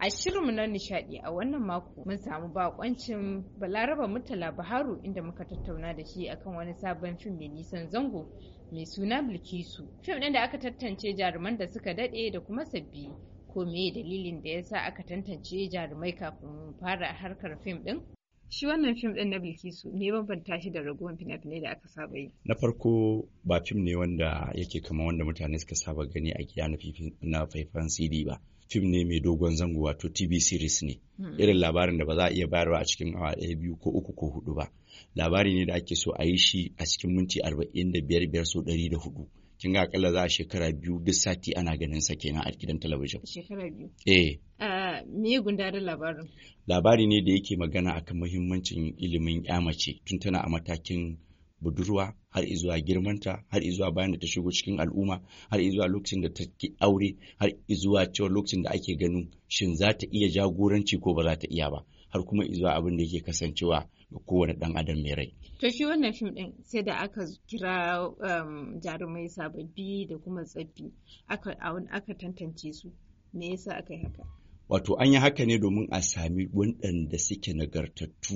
A shirinmu na nishadi a wannan mako mun samu bakoncin Balaraba Murtala Baharu inda muka tattauna da shi akan wani sabon fim mai nisan zango mai suna Bilkisu. Fim ɗin da aka tantance jaruman da suka daɗe da kuma sabbi ko me dalilin da ya sa aka tantance jarumai kafin fara harkar fim ɗin? Shi wannan fim ɗin na Bilkisu me bambanta shi da ragowar fina-finai da aka saba yi? Na farko ba fim ne wanda yake kama wanda mutane suka saba gani a gida na faifan CD ba. fim ne mai dogon zango wato tv series ne hmm. irin labarin da ba za a iya bayarwa a cikin awa ɗaya biyu ko uku ko hudu ba labari ne da ake so a yi shi a cikin minti arba'in da biyar biyar so ɗari da hudu kin ga akalla za a shekara biyu duk sati ana ganin sa kenan a gidan talabijin shekara biyu eh me gundarin labarin labari ne da yake magana akan muhimmancin ilimin ya mace tun tana a matakin budurwa har izuwa girmanta har izuwa bayan da ta shigo cikin al'umma har izuwa lokacin da ta ki aure har izuwa cewa lokacin da ake ganin shin za ta iya jagoranci ko ba za ta iya ba har kuma izuwa abin da yake kasancewa ga kowane dan adam mai rai. To shi wannan fim ɗin sai da aka kira um, jarumai sababbi da kuma tsaffi aka tantance su me yasa aka yi haka? Wato an yi haka ne domin a sami waɗanda suke nagartattu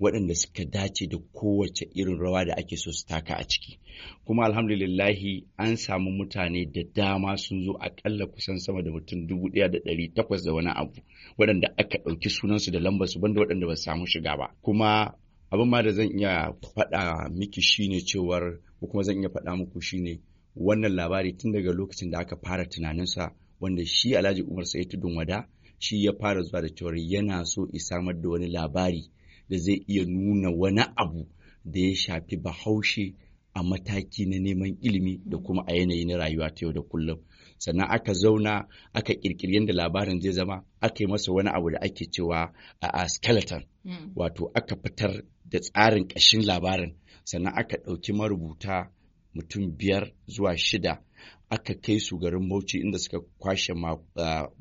waɗanda suka dace da kowace irin rawa da ake so su taka a ciki kuma alhamdulillahi an samu mutane da dama sun zo akalla kusan sama da mutum dubu ɗaya da ɗari takwas da wani abu waɗanda aka ɗauki sunansu da lambar su banda waɗanda ba su samu shiga ba kuma abin ma da zan iya faɗa miki shine cewar ko kuma zan iya faɗa muku shine wannan labari tun daga lokacin da aka fara tunaninsa wanda shi alhaji umar sai tudun wada shi ya fara zuwa da cewar yana so samar da wani labari da zai iya nuna wani abu da ya shafi bahaushe a mataki na neman ilimi da kuma a yanayi na rayuwa ta yau da kullum sannan aka zauna aka kirkiri yadda labarin zai zama aka yi masa wani abu da ake cewa a skeleton hmm. wato aka fitar da tsarin ƙashin labarin sannan aka ɗauki marubuta mutum biyar zuwa shida aka kai su garin Bauchi inda suka kwashe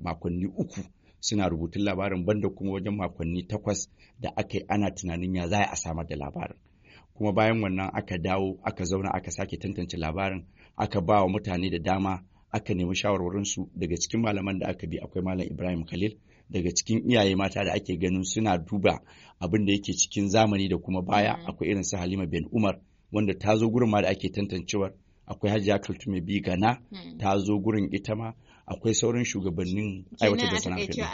makonni uku suna rubutun labarin banda kuma wajen makonni takwas da aka yi ana tunanin ya za a samar da labarin kuma bayan wannan aka dawo aka zauna aka sake tantance labarin aka ba wa mutane da dama aka nemi shawarwarinsu daga cikin malaman da aka bi akwai malam ibrahim khalil daga cikin iyaye mata da ake ganin suna duba abin da yake cikin zamani da kuma baya mm. akwai irin su halima bin umar wanda ta zo gurin ma da ake tantancewar akwai hajiya kaltume bi gana mm. ta zo gurin ita ma akwai sauran shugabannin aiwatar da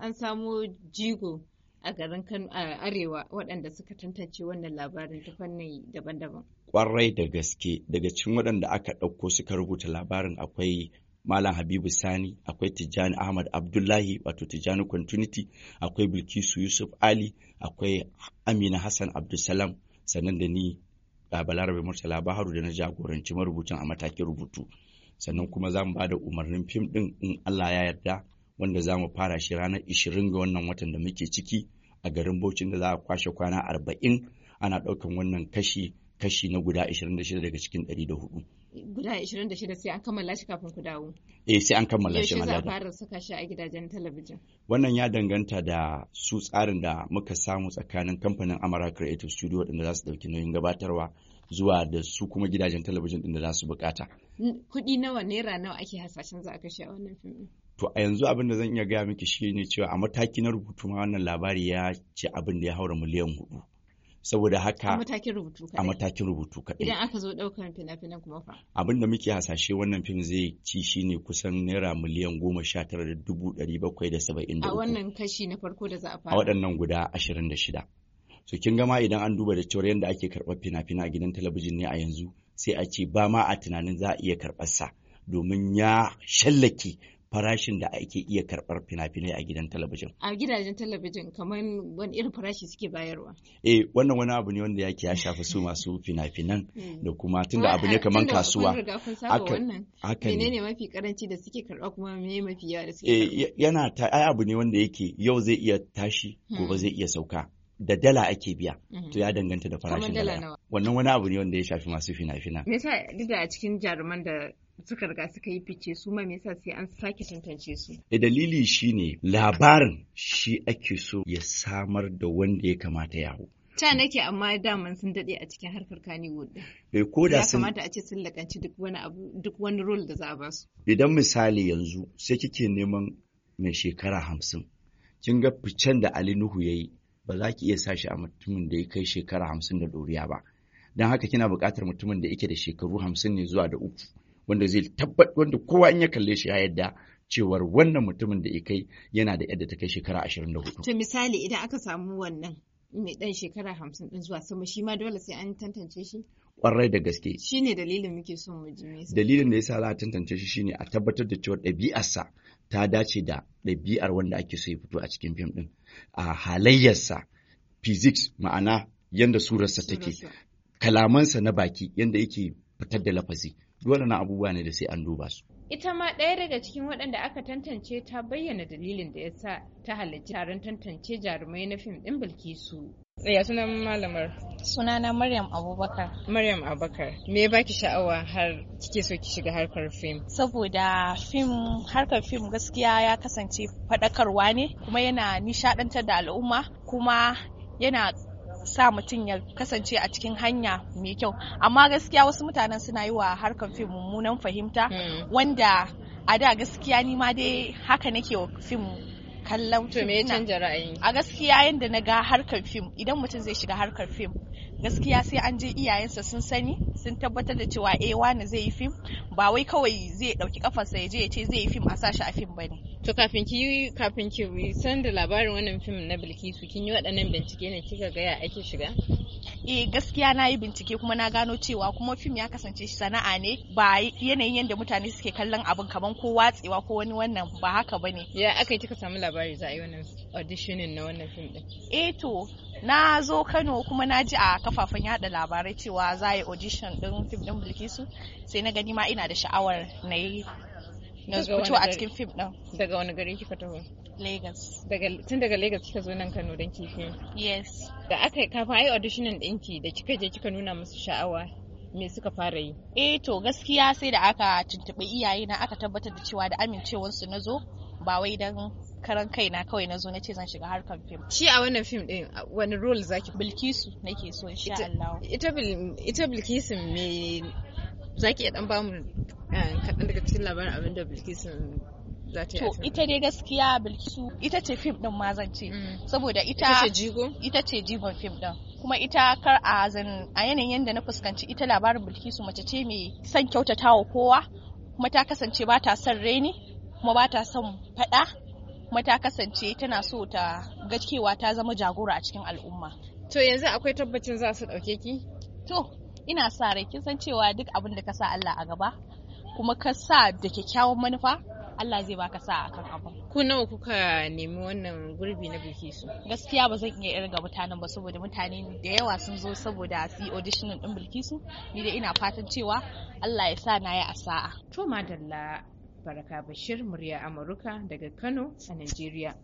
an samo jigo a garin Kano a Arewa waɗanda suka tantance wannan labarin ta fanni daban-daban. Kwarai da gaske daga cikin waɗanda aka ɗauko suka rubuta labarin akwai Malam Habibu Sani, akwai Tijjani Ahmad Abdullahi wato Tijjani Continuity, akwai Bilkisu Yusuf Ali, akwai Amina Hassan Abdulsalam, sannan da ni Balarabe Murtala Baharu da na jagoranci marubucin a matakin rubutu. sannan kuma za mu ba da umarnin fim ɗin in Allah ya yarda wanda za mu fara shi ranar ishirin ga wannan watan da muke ciki a garin Bauchi da za a kwashe kwana arba'in ana ɗaukan wannan kashi kashi na guda 26 daga cikin 104. Guda 26 sai an kammala shi kafin ku dawo. Eh sai an kammala shi malada. Yaushe za a fara saka shi a gidajen talabijin. Wannan ya danganta da su tsarin da muka samu tsakanin kamfanin Amara Creative Studio waɗanda za su ɗauki nauyin gabatarwa zuwa da su kuma gidajen talabijin ɗin da za su bukata. kuɗi nawa naira nawa ake hasashen za a kashe a wannan fim to a yanzu abin da zan iya gaya miki shi ne cewa a mataki na rubutu ma wannan labari ya ce abin da ya haura miliyan hudu saboda haka a matakin rubutu kaɗai idan aka zo ɗaukar fina-finan kuma fa abin da muke hasashe wannan fim zai ci shi ne kusan naira miliyan goma sha tara da dubu ɗari bakwai da saba'in da a wannan kashi na farko da za a fara a waɗannan guda ashirin da shida so kin gama idan an duba da cewar yadda ake karɓar fina-fina a gidan talabijin ne a yanzu sai a ce ba ma a tunanin za a iya karɓarsa domin ya shallake farashin da ake iya karɓar fina-finai a gidan talabijin. A gidajen talabijin kamar wani irin farashi suke bayarwa? Eh wannan wani abu ne wanda yake ya shafi su masu fina-finan hmm. da kuma tunda abu ne kamar kasuwa. Haka ne. Menene mafi karanci da suke karɓa kuma menene mafi yawa da suke Eh yana ta ai abu ne wanda yake yau zai iya tashi gobe hmm. zai iya sauka. da dala ake biya mm-hmm. to ya danganta da farashin dala wannan wani abu ne wanda ya shafi masu fina-fina me yasa duk a cikin jaruman da suka riga suka yi fice su ma me yasa sai an sake tantance su da eh, dalili shine labarin shi ake so ya samar da wanda ya kamata ya hu ta nake amma daman sun dade a cikin harkar Kaniwood. Eh, ko da sun kamata a ce sun lakanci duk wani abu duk wani role da za a basu. Idan misali yanzu sai kike neman mai shekara hamsin kin ga ficen da Ali Nuhu ya yi ba za ki iya sa shi a mutumin da ya kai shekara hamsin da ɗoriya ba don haka kina buƙatar mutumin da yake da shekaru hamsin ne zuwa da uku wanda zai tabbat wanda kowa in ya kalle shi ya yadda cewar wannan mutumin da ya kai yana da yadda ta kai shekara ashirin da hudu. To misali idan aka samu wannan mai ɗan shekara hamsin ɗin zuwa sama shi ma dole sai an tantance shi? Ƙwarai da gaske. Shi ne dalilin muke son mu ji Dalilin da ya sa za a tantance shi shine a tabbatar da cewar ɗabi'arsa ta dace da ɗabi'ar wanda ake so ya fito a cikin fim ɗin a halayyarsa physics ma'ana yanda surarsa take kalamansa na baki yanda yake fitar da lafazi dole na abubuwa ne da sai an duba su ita ma ɗaya daga cikin waɗanda aka tantance ta bayyana dalilin da ya sa ta halarci taron tantance jarumai na fim ɗin bilkisu Ya sunan malamar? Sunana Maryam Abubakar. Maryam Abubakar, me baki sha'awa har kike so ki shiga harkar fim? Saboda fim harkar fim gaskiya ya kasance fadakarwa ne kuma yana nishadantar da al'umma kuma yana sa mutum ya kasance a cikin hanya mai kyau amma gaskiya wasu mutanen suna yi wa harkar fim mummunan fahimta hmm. wanda a da gaskiya ni ma dai haka nake wa fim kallon fim me canza ra'ayi a gaskiya yanda na ga harkar fim idan mutum zai shiga harkar fim gaskiya sai an je iyayensa sun sani sun tabbatar da cewa eh wani zai yi fim ba wai kawai zai ɗauki kafarsa ya je ya ce zai yi fim a sashi a fim bane to kafin ki kafin ki san da labarin wannan fim na Bilkisu kin yi waɗannan bincike ne kika ga ya ake shiga eh gaskiya na yi bincike kuma na gano cewa kuma fim ya kasance shi sana'a ne ba yanayin yadda mutane suke kallon abin kaman ko watsewa ko wani wannan ba haka ba ne. ya aka yi kika samu labari za a yi wannan auditionin na wannan fim din eh to na zo Kano kuma na ji a kafafen yaɗa labarai cewa za a yi audition din fim ɗin Bilkisu sai na gani ma ina da sha'awar na yi na fito a cikin fim ɗin. Daga wani gari kika taho? Lagos. tun daga Lagos kika zo nan Kano don kifi? Yes. Da aka kafin ai auditionin ɗinki da kika je kika nuna musu sha'awa me suka fara yi? Eh to gaskiya sai da aka tuntuɓi iyaye na aka tabbatar da cewa da amincewarsu na zo ba wai don karan kaina kawai na zo na ce zan shiga harkar fim. Shi a wannan fim ɗin wani role zaki? Bilkisu nake so insha Allah. Ita Bilkisu me zaki iya dan bamu Eh, kaɗan daga cikin labarin abin da bilkisun za ta yi to ita dai gaskiya bilkisu ita ce fim din ma zan ce mm. saboda ita ita ce jigo ita ce jigon fim din. kuma ita kar a zan a yanayin yadda na fuskanci ita labarin bilkisu mace ce mai son kyautatawa kowa kuma ta kasance ba ta son reni kuma ba ta son faɗa kuma ta kasance tana so ta gaskewa ta zama jagora a cikin al'umma to yanzu akwai tabbacin za su ɗauke ki to ina sa rai kin san cewa duk abin da ka sa Allah a gaba kuma ka sa da kyakkyawan manufa Allah zai baka sa a kan abin. Ku nawa kuka nemi wannan gurbi na biki su? Gaskiya ba zan iya ga mutanen ba saboda mutane da yawa sun zo saboda su yi audition din Bilkisu. Ni da ina fatan cewa Allah ya sa na yi a sa'a. To madalla Baraka Bashir murya Amurka daga Kano a Najeriya.